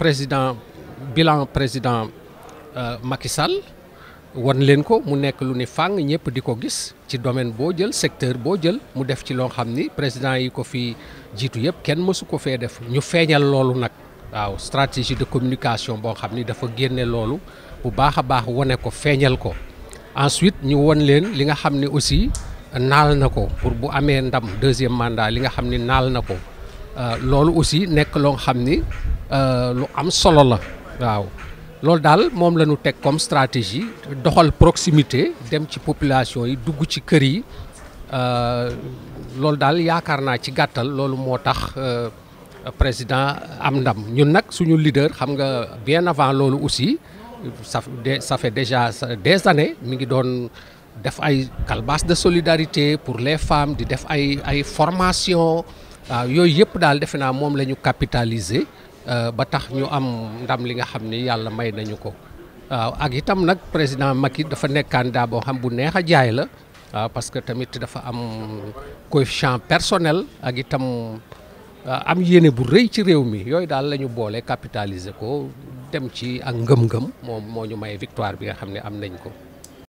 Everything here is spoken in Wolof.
président bilan président euh, Macky Sall wan len ko mu nek lu ni fàng ñëpp di gis ci domaine bo jël secteur bo jël mu def ci lo xamni président yi ko fi jitu yep ken mësu ko def ñu waaw stratégie de communication bo xamni dafa génne lolu bu baaxa baax woné ko feeñal ko ensuite ñu won len li nga aussi euh, naal na pour bu amé ndam deuxième mandat li nga xamni naal na euh, aussi nek lo xamni Euh, lu am solo la waaw loolu daal moom la ñu teg comme stratégie doxal proximité dem ci population yi dugg ci kër yi euh, loolu daal yaakaar naa ci gàttal loolu moo tax euh, président am ndam ñun nag suñu leader xam nga bien avant loolu aussi ça ça fait déjà des années mi ngi doon def ay calebasse de solidarité pour les femmes di def ay ay formation waaw yooyu yëpp daal defe naa moom la ñu capitaliser Eh, ba tax ñu am ndam li nga xam ni yàlla may nañu ko waaw eh, ak itam nag président Macky dafa nekk candidat boo xam bu neex ha jaay la eh. waaw parce que tamit dafa am coefficient personnel ak itam am yéene bu rëy ci réew mi yooyu daal la ñu capitaliser ko dem ci ak ngëm-ngëm moom ñu may victoire bi nga xam am nañ ko.